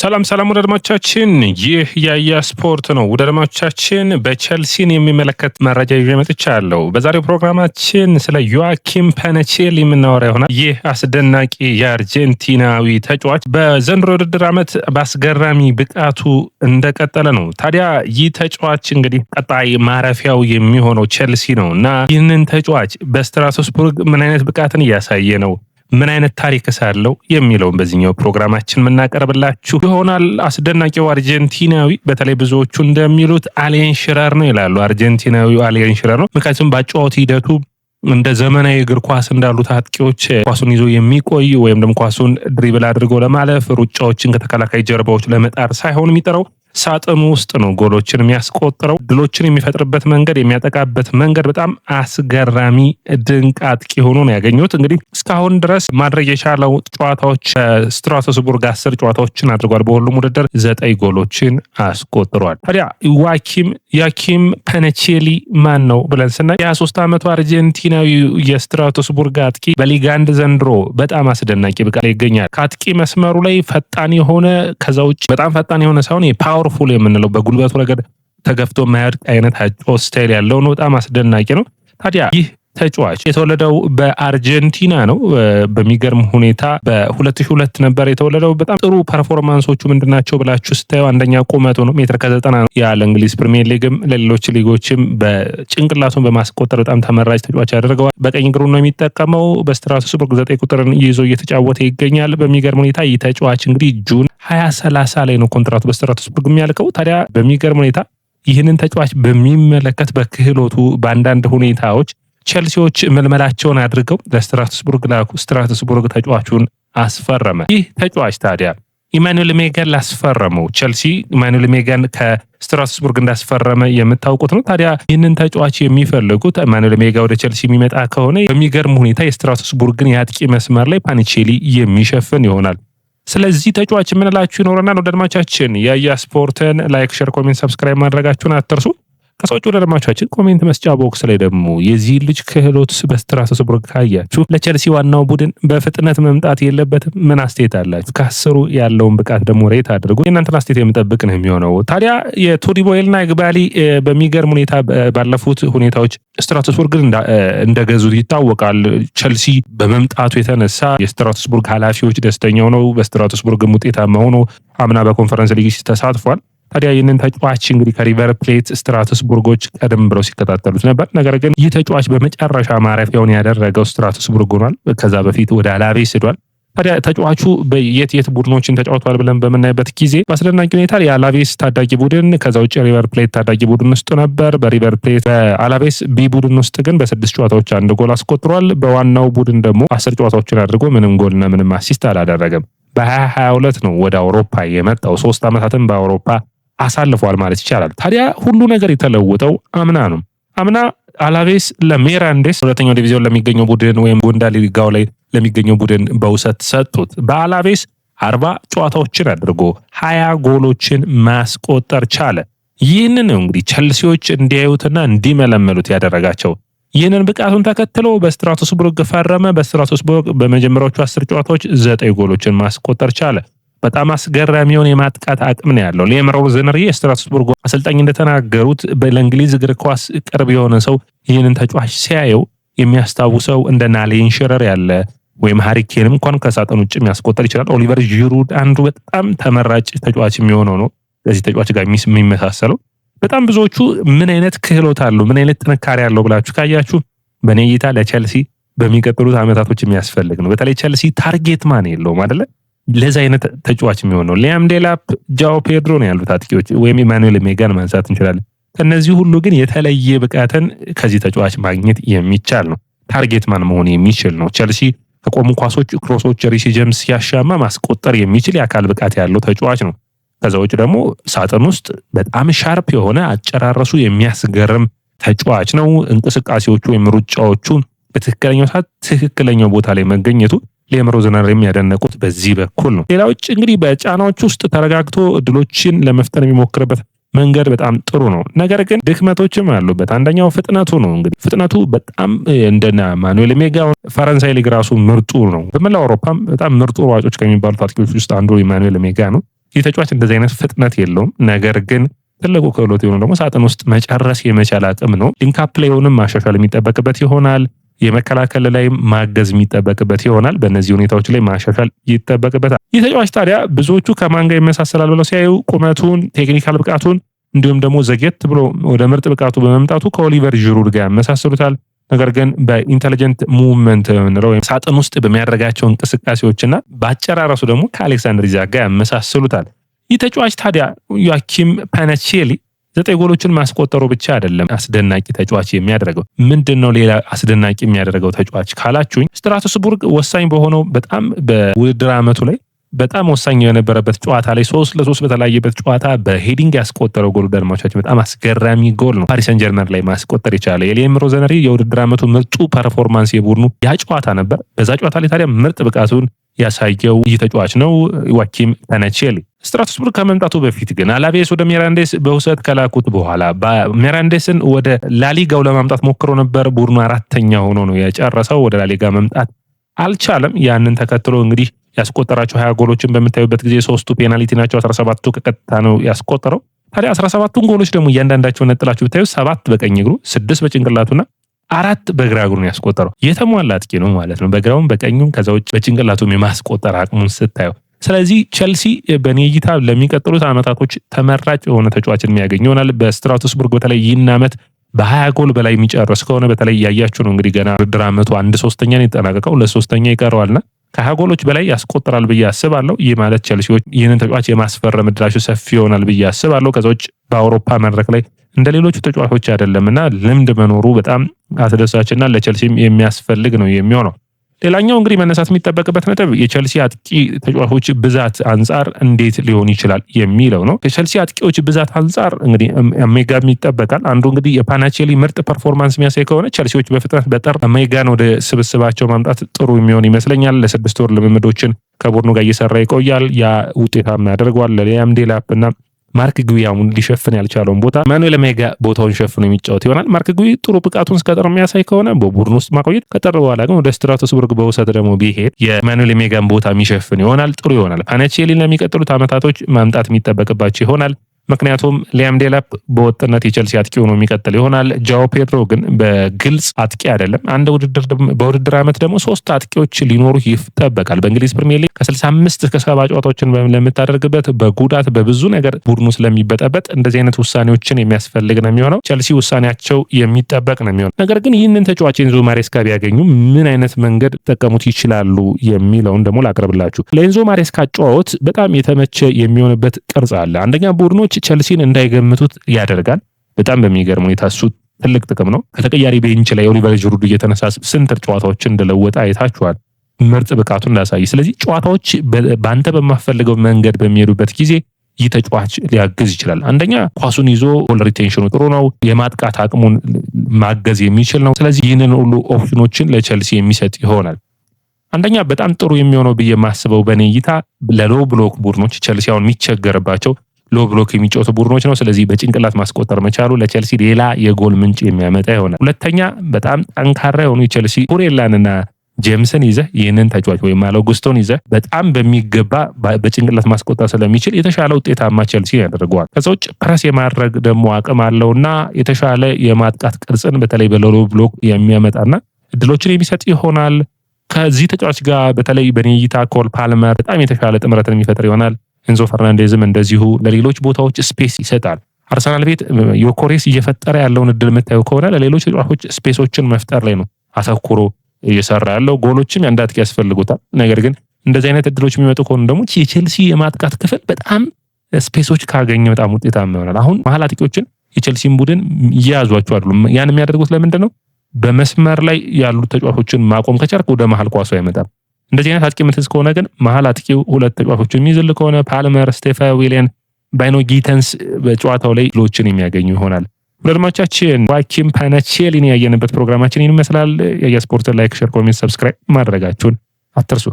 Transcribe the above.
ሰላም ሰላም ውድ አድማጮቻችን ይህ ያያ ስፖርት ነው። ውድ አድማጮቻችን የሚመለከት መረጃ ይዤ መጥቻለሁ። በዛሬው ፕሮግራማችን ስለ ዮዋኪም ፓነቼል የምናወራ ይሆናል። ይህ አስደናቂ የአርጀንቲናዊ ተጫዋች በዘንድሮ ውድድር ዓመት በአስገራሚ ብቃቱ እንደቀጠለ ነው። ታዲያ ይህ ተጫዋች እንግዲህ ቀጣይ ማረፊያው የሚሆነው ቸልሲ ነው እና ይህንን ተጫዋች በስትራስቡርግ ምን አይነት ብቃትን እያሳየ ነው ምን አይነት ታሪክ ሳለው የሚለውን በዚህኛው ፕሮግራማችን የምናቀርብላችሁ ይሆናል። አስደናቂው አርጀንቲናዊ በተለይ ብዙዎቹ እንደሚሉት አሊየን ሽረር ነው ይላሉ። አርጀንቲናዊው አሊየን ሽረር ነው። ምክንያቱም በአጨዋወት ሂደቱ እንደ ዘመናዊ እግር ኳስ እንዳሉት አጥቂዎች ኳሱን ይዞ የሚቆይ ወይም ደግሞ ኳሱን ድሪብል አድርጎ ለማለፍ ሩጫዎችን ከተከላካይ ጀርባዎች ለመጣር ሳይሆን የሚጠራው ሳጥኑ ውስጥ ነው ጎሎችን የሚያስቆጥረው። ድሎችን የሚፈጥርበት መንገድ፣ የሚያጠቃበት መንገድ በጣም አስገራሚ ድንቅ አጥቂ ሆኖ ነው ያገኙት። እንግዲህ እስካሁን ድረስ ማድረግ የቻለው ጨዋታዎች ስትራስቡርግ አስር ጨዋታዎችን አድርጓል። በሁሉም ውድድር ዘጠኝ ጎሎችን አስቆጥሯል። ታዲያ ዋኪም ያኪም ፓናቼሊ ማን ነው ብለን ስናይ የ23 ዓመቱ አርጀንቲናዊ የስትራቶስቡርግ አጥቂ በሊጋንድ አንድ ዘንድሮ በጣም አስደናቂ ብቃት ይገኛል። ከአጥቂ መስመሩ ላይ ፈጣን የሆነ ከዛ ውጭ በጣም ፈጣን የሆነ ሳይሆን የፓወር ፓወርፉል የምንለው በጉልበቱ ረገድ ተገፍቶ የማያድቅ አይነት ስታይል ያለው ነው። በጣም አስደናቂ ነው። ታዲያ ይህ ተጫዋች የተወለደው በአርጀንቲና ነው። በሚገርም ሁኔታ በ2002 ነበር የተወለደው። በጣም ጥሩ ፐርፎርማንሶቹ ምንድን ናቸው ብላችሁ ስታዩ አንደኛ ቁመቱ ነው፣ ሜትር ከዘጠና ነው። ያለ እንግሊዝ ፕሪሚየር ሊግም ለሌሎች ሊጎችም በጭንቅላቱን በማስቆጠር በጣም ተመራጭ ተጫዋች ያደርገዋል። በቀኝ እግሩ ነው የሚጠቀመው። በስትራስቡርግ ዘጠኝ ቁጥርን ይዞ እየተጫወተ ይገኛል። በሚገርም ሁኔታ ይህ ተጫዋች እንግዲህ ጁን ሀያ ሰላሳ ላይ ነው ኮንትራቱ በስትራስቡርግ የሚያልቀው። ታዲያ በሚገርም ሁኔታ ይህንን ተጫዋች በሚመለከት በክህሎቱ በአንዳንድ ሁኔታዎች ቸልሲዎች መልመላቸውን አድርገው ለስትራትስቡርግ ላኩ። ስትራትስቡርግ ተጫዋቹን አስፈረመ። ይህ ተጫዋች ታዲያ ኢማኑኤል ሜጋን ላስፈረመው ቸልሲ ኢማኑኤል ሜጋን ከስትራስቡርግ እንዳስፈረመ የምታውቁት ነው። ታዲያ ይህንን ተጫዋች የሚፈልጉት ኢማኑኤል ሜጋ ወደ ቸልሲ የሚመጣ ከሆነ በሚገርም ሁኔታ የስትራስቡርግን የአጥቂ መስመር ላይ ፓኒቼሊ የሚሸፍን ይሆናል። ስለዚህ ተጫዋች የምንላችሁ ይኖረናል። ወደ አድማቻችን የአያ ስፖርትን ላይክ፣ ሸር፣ ኮሜንት፣ ሰብስክራይብ ማድረጋችሁን አትርሱ። ከሰዎች ወደ አድማቻችን ኮሜንት መስጫ ቦክስ ላይ ደግሞ የዚህ ልጅ ክህሎት በስራ ተሰብሮ ካያችሁ ለቸልሲ ዋናው ቡድን በፍጥነት መምጣት የለበትም ምን አስተያየት አላችሁ? ከአስሩ ያለውን ብቃት ደግሞ ሬት አድርጉ። የእናንተን አስተያየት የምጠብቅ ነው የሚሆነው። ታዲያ የቶዲቦይልና ግባሊ በሚገርም ሁኔታ ባለፉት ሁኔታዎች ስትራስቡርግን እንደገዙት ይታወቃል። ቸልሲ በመምጣቱ የተነሳ የስትራስቡርግ ኃላፊዎች ደስተኛው ነው። በስትራስቡርግም ውጤታማ ሆኖ አምና በኮንፈረንስ ሊግ ተሳትፏል። ታዲያ ይህንን ተጫዋች እንግዲህ ከሪቨር ፕሌት ስትራትስቡርጎች ቀደም ብለው ሲከታተሉት ነበር። ነገር ግን ይህ ተጫዋች በመጨረሻ ማረፊያውን ያደረገው ስትራትስቡርግ ሆኗል። ከዛ በፊት ወደ አላቤስ ሄዷል። ታዲያ ተጫዋቹ በየት የት ቡድኖችን ተጫውቷል ብለን በምናይበት ጊዜ በአስደናቂ ሁኔታ የአላቤስ ታዳጊ ቡድን ከዛ ውጭ ሪቨር ፕሌት ታዳጊ ቡድን ውስጥ ነበር። በሪቨር ፕሌት በአላቤስ ቢ ቡድን ውስጥ ግን በስድስት ጨዋታዎች አንድ ጎል አስቆጥሯል። በዋናው ቡድን ደግሞ አስር ጨዋታዎችን አድርጎ ምንም ጎልና ምንም አሲስት አላደረገም። በ2022 ነው ወደ አውሮፓ የመጣው ሶስት ዓመታትን በአውሮፓ አሳልፏል ማለት ይቻላል። ታዲያ ሁሉ ነገር የተለወጠው አምና ነው። አምና አላቬስ ለሜራንዴስ ሁለተኛው ዲቪዚዮን ለሚገኘው ቡድን ወይም ጎንዳ ሊጋው ላይ ለሚገኘው ቡድን በውሰት ሰጡት። በአላቬስ አርባ ጨዋታዎችን አድርጎ ሀያ ጎሎችን ማስቆጠር ቻለ። ይህንን ነው እንግዲህ ቸልሲዎች እንዲያዩትና እንዲመለመሉት ያደረጋቸው። ይህንን ብቃቱን ተከትሎ በስትራቶስቡርግ ፈረመ። በስትራቶስቡርግ በመጀመሪያዎቹ አስር ጨዋታዎች ዘጠኝ ጎሎችን ማስቆጠር ቻለ። በጣም አስገራሚ የሆነ የማጥቃት አቅም ነው ያለው። ሌምረው ዘነሪ የስትራስቡርግ አሰልጣኝ እንደተናገሩት ለእንግሊዝ እግር ኳስ ቅርብ የሆነ ሰው ይህንን ተጫዋች ሲያየው የሚያስታውሰው እንደ ናሌን ሽረር ያለ ወይም ሃሪኬንም እንኳን ከሳጥን ውጭ የሚያስቆጠር ይችላል። ኦሊቨር ዥሩድ አንዱ በጣም ተመራጭ ተጫዋች የሚሆነው ነው። ከዚህ ተጫዋች ጋር የሚመሳሰለው በጣም ብዙዎቹ ምን አይነት ክህሎት አለው ምን አይነት ጥንካሬ አለው ብላችሁ ካያችሁ በእኔ እይታ ለቸልሲ በሚቀጥሉት ዓመታቶች የሚያስፈልግ ነው። በተለይ ቸልሲ ታርጌት ማን የለውም አይደለ ለዚ አይነት ተጫዋች የሚሆነው ሊያም ዴላፕ፣ ጃኦ ፔድሮ ነው ያሉት አጥቂዎች ወይም ኢማኑኤል ሜጋን ማንሳት እንችላለን። ከእነዚህ ሁሉ ግን የተለየ ብቃትን ከዚህ ተጫዋች ማግኘት የሚቻል ነው። ታርጌት ማን መሆን የሚችል ነው። ቸልሲ ከቆሙ ኳሶች፣ ክሮሶች ሪሲ ጀምስ ሲያሻማ ማስቆጠር የሚችል የአካል ብቃት ያለው ተጫዋች ነው። ከዛ ውጭ ደግሞ ሳጥን ውስጥ በጣም ሻርፕ የሆነ አጨራረሱ የሚያስገርም ተጫዋች ነው። እንቅስቃሴዎቹ ወይም ሩጫዎቹ በትክክለኛው ሰዓት ትክክለኛው ቦታ ላይ መገኘቱ ሌም ሮዝነር የሚያደነቁት በዚህ በኩል ነው። ሌላ ውጭ እንግዲህ በጫናዎች ውስጥ ተረጋግቶ እድሎችን ለመፍጠር የሚሞክርበት መንገድ በጣም ጥሩ ነው። ነገር ግን ድክመቶችም አሉበት። አንደኛው ፍጥነቱ ነው። እንግዲህ ፍጥነቱ በጣም እንደ ማኑኤል ሜጋ ፈረንሳይ ሊግ ራሱ ምርጡ ነው። በመላው አውሮፓም በጣም ምርጡ ሯጮች ከሚባሉት አጥቂዎች ውስጥ አንዱ ኢማኑኤል ሜጋ ነው። ይህ ተጫዋች እንደዚህ አይነት ፍጥነት የለውም። ነገር ግን ትልቁ ክህሎት የሆኑ ደግሞ ሳጥን ውስጥ መጨረስ የመቻል አቅም ነው። ሊንካፕ የሆንም ማሻሻል የሚጠበቅበት ይሆናል። የመከላከል ላይ ማገዝ የሚጠበቅበት ይሆናል። በእነዚህ ሁኔታዎች ላይ ማሻሻል ይጠበቅበታል። ይህ ተጫዋች ታዲያ ብዙዎቹ ከማን ጋር ይመሳሰላል ብለው ሲያዩ ቁመቱን፣ ቴክኒካል ብቃቱን እንዲሁም ደግሞ ዘጌት ብሎ ወደ ምርጥ ብቃቱ በመምጣቱ ከኦሊቨር ዥሩድ ጋር ያመሳስሉታል። ነገር ግን በኢንቴሊጀንት ሙቭመንት የምንለው ወይም ሳጥን ውስጥ በሚያደርጋቸው እንቅስቃሴዎችና በአጨራረሱ ደግሞ ከአሌክሳንደር ዛጋ ያመሳስሉታል። ይህ ተጫዋች ታዲያ ዮአኪም ፓናቼሊ ዘጠኝ ጎሎችን ማስቆጠሩ ብቻ አይደለም አስደናቂ ተጫዋች የሚያደርገው። ምንድን ነው ሌላ አስደናቂ የሚያደርገው ተጫዋች ካላችሁኝ ስትራስቡርግ ወሳኝ በሆነው በጣም በውድድር ዓመቱ ላይ በጣም ወሳኝ የነበረበት ጨዋታ ላይ ሶስት ለሶስት በተለያየበት ጨዋታ በሄዲንግ ያስቆጠረው ጎል ዳድማዎቻችን በጣም አስገራሚ ጎል ነው። ፓሪስ ጀርመን ላይ ማስቆጠር ይቻለ ኤሊየም ሮዘነሪ የውድድር ዓመቱ ምርጡ ፐርፎርማንስ የቡድኑ ያ ጨዋታ ነበር። በዛ ጨዋታ ላይ ታዲያ ምርጥ ብቃቱን ያሳየው ይህ ተጫዋች ነው ዋኪም ከነቼሌ ስትራስቡርግ ከመምጣቱ በፊት ግን አላቤስ ወደ ሜራንዴስ በውሰት ከላኩት በኋላ ሜራንዴስን ወደ ላሊጋው ለማምጣት ሞክሮ ነበር። ቡድኑ አራተኛ ሆኖ ነው የጨረሰው። ወደ ላሊጋ መምጣት አልቻለም። ያንን ተከትሎ እንግዲህ ያስቆጠራቸው ሀያ ጎሎችን በምታዩበት ጊዜ ሶስቱ ፔናልቲ ናቸው። አስራ ሰባቱ ከቀጥታ ነው ያስቆጠረው። ታዲያ አስራ ሰባቱን ጎሎች ደግሞ እያንዳንዳቸው ነጥላችሁ ብታዩ ሰባት በቀኝ እግሩ፣ ስድስት በጭንቅላቱና አራት በግራ እግሩ ያስቆጠረው። የተሟላ አጥቂ ነው ማለት ነው። በግራውም በቀኙም ከዛ ውጭ በጭንቅላቱም የማስቆጠር አቅሙን ስታየው ስለዚህ ቸልሲ በኔ እይታ ለሚቀጥሉት አመታቶች ተመራጭ የሆነ ተጫዋችን የሚያገኝ ይሆናል። በስትራቶስቡርግ በተለይ ይህን አመት በሀያ ጎል በላይ የሚጨርስ ከሆነ በተለይ እያያችሁ ነው እንግዲህ ገና ድር አመቱ አንድ ሶስተኛ የተጠናቀቀው፣ ለሶስተኛ ይቀረዋልና ከሀያ ጎሎች በላይ ያስቆጥራል ብዬ አስባለሁ። ይህ ማለት ቸልሲዎች ይህንን ተጫዋች የማስፈረም እድላቸው ሰፊ ይሆናል ብዬ አስባለሁ። ከዛ ውጭ በአውሮፓ መድረክ ላይ እንደ ሌሎቹ ተጫዋቾች አይደለምና ልምድ መኖሩ በጣም አስደሳችና ለቸልሲም የሚያስፈልግ ነው የሚሆነው። ሌላኛው እንግዲህ መነሳት የሚጠበቅበት ነጥብ የቸልሲ አጥቂ ተጫዋቾች ብዛት አንጻር እንዴት ሊሆን ይችላል የሚለው ነው። ከቸልሲ አጥቂዎች ብዛት አንጻር እንግዲህ ሜጋም ይጠበቃል። አንዱ እንግዲህ የፓናቼሊ ምርጥ ፐርፎርማንስ የሚያሳይ ከሆነ ቸልሲዎች በፍጥነት በጠር ሜጋን ወደ ስብስባቸው ማምጣት ጥሩ የሚሆን ይመስለኛል። ለስድስት ወር ልምምዶችን ከቡድኑ ጋር እየሰራ ይቆያል። ያ ውጤታማ ያደርገዋል ለሊያም ዴላፕ እና ማርክ ጉይ ሊሸፍን ያልቻለውን ቦታ ማኑኤል ሜጋ ቦታውን ሸፍኖ የሚጫወት ይሆናል። ማርክ ጉይ ጥሩ ብቃቱን እስከ የሚያሳይ ከሆነ በቡድን ውስጥ ማቆየት፣ ከጠር በኋላ ግን ወደ ስትራቶስቡርግ በውሰት ደግሞ ቢሄድ የማኑኤል ሜጋን ቦታ የሚሸፍን ይሆናል። ጥሩ ይሆናል። ፓነቼሊን ለሚቀጥሉት ዓመታቶች ማምጣት የሚጠበቅባቸው ይሆናል። ምክንያቱም ሊያም ዴላፕ በወጥነት የቸልሲ አጥቂ ሆኖ የሚቀጥል ይሆናል። ጃው ፔድሮ ግን በግልጽ አጥቂ አይደለም። አንድ ውድድር በውድድር ዓመት ደግሞ ሶስት አጥቂዎች ሊኖሩ ይጠበቃል። በእንግሊዝ ፕሪሚየር ሊግ ከ65 እስከ ሰባ ጨዋታዎችን ለምታደርግበት በጉዳት በብዙ ነገር ቡድኑ ስለሚበጠበጥ እንደዚህ አይነት ውሳኔዎችን የሚያስፈልግ ነው የሚሆነው። ቸልሲ ውሳኔያቸው የሚጠበቅ ነው የሚሆነው። ነገር ግን ይህንን ተጫዋች ኤንዞ ማሬስካ ቢያገኙ ምን አይነት መንገድ ሊጠቀሙት ይችላሉ የሚለውን ደግሞ ላቅርብላችሁ። ለኤንዞ ማሬስካ ጨዋወት በጣም የተመቸ የሚሆንበት ቅርጽ አለ። አንደኛ ቡድኖች ቸልሲን እንዳይገምቱት ያደርጋል። በጣም በሚገርም ሁኔታ እሱ ትልቅ ጥቅም ነው። ከተቀያሪ ቤንች ላይ የኦሊቨር ጅሩድ እየተነሳ ስንት ጨዋታዎችን እንደለወጠ አይታችኋል። ምርጥ ብቃቱን ላሳይ። ስለዚህ ጨዋታዎች በአንተ በማፈልገው መንገድ በሚሄዱበት ጊዜ ይህ ተጫዋች ሊያግዝ ይችላል። አንደኛ ኳሱን ይዞ ቦል ሪቴንሽኑ ጥሩ ነው፣ የማጥቃት አቅሙን ማገዝ የሚችል ነው። ስለዚህ ይህንን ሁሉ ኦፕሽኖችን ለቸልሲ የሚሰጥ ይሆናል። አንደኛ በጣም ጥሩ የሚሆነው ብዬ የማስበው በኔ እይታ ለሎ ብሎክ ቡድኖች ቸልሲ አሁን የሚቸገርባቸው ሎ ብሎክ የሚጫወቱ ቡድኖች ነው። ስለዚህ በጭንቅላት ማስቆጠር መቻሉ ለቸልሲ ሌላ የጎል ምንጭ የሚያመጣ ይሆናል። ሁለተኛ በጣም ጠንካራ የሆኑ የቸልሲ ኩሬላንና ጄምስን ይዘህ ይህንን ተጫዋች ወይም አለጉስቶን ይዘህ በጣም በሚገባ በጭንቅላት ማስቆጠር ስለሚችል የተሻለ ውጤታማ ቸልሲ ያደርገዋል። ከዛ ውጭ ፕረስ የማድረግ ደግሞ አቅም አለውና የተሻለ የማጥቃት ቅርጽን በተለይ በሎ ብሎክ የሚያመጣና እድሎችን የሚሰጥ ይሆናል። ከዚህ ተጫዋች ጋር በተለይ በኔይታ ኮል ፓልመር በጣም የተሻለ ጥምረትን የሚፈጥር ይሆናል። ኤንዞ ፈርናንዴዝም እንደዚሁ ለሌሎች ቦታዎች ስፔስ ይሰጣል። አርሰናል ቤት ዮኮሬስ እየፈጠረ ያለውን እድል የምታየው ከሆነ ለሌሎች ተጫዋቾች ስፔሶችን መፍጠር ላይ ነው አተኩሮ እየሰራ ያለው። ጎሎችም የአንድ አጥቂ ያስፈልጉታል። ነገር ግን እንደዚህ አይነት እድሎች የሚመጡ ከሆኑ ደግሞ የቼልሲ የማጥቃት ክፍል በጣም ስፔሶች ካገኘ በጣም ውጤታማ ይሆናል። አሁን መሀል አጥቂዎችን የቼልሲን ቡድን እየያዟቸው አይደሉም። ያን የሚያደርጉት ለምንድን ነው? በመስመር ላይ ያሉት ተጫዋቾችን ማቆም ከቻልክ ወደ መሀል ኳሱ አይመጣም። እንደዚህ አይነት አጥቂ ምትዝ ከሆነ ግን መሀል አጥቂው ሁለት ተጫዋቾች የሚይዝል ከሆነ ፓልመር፣ ስቴፋ ዊሊያን፣ ባይኖ ጊተንስ በጨዋታው ላይ ሎችን የሚያገኙ ይሆናል። ወደድማቻችን ዋኪም ፓናቼሊን ያየንበት ፕሮግራማችን ይህን ይመስላል። የስፖርትን ላይክ፣ ሸር፣ ኮሜንት፣ ሰብስክራይብ ማድረጋችሁን አትርሱ።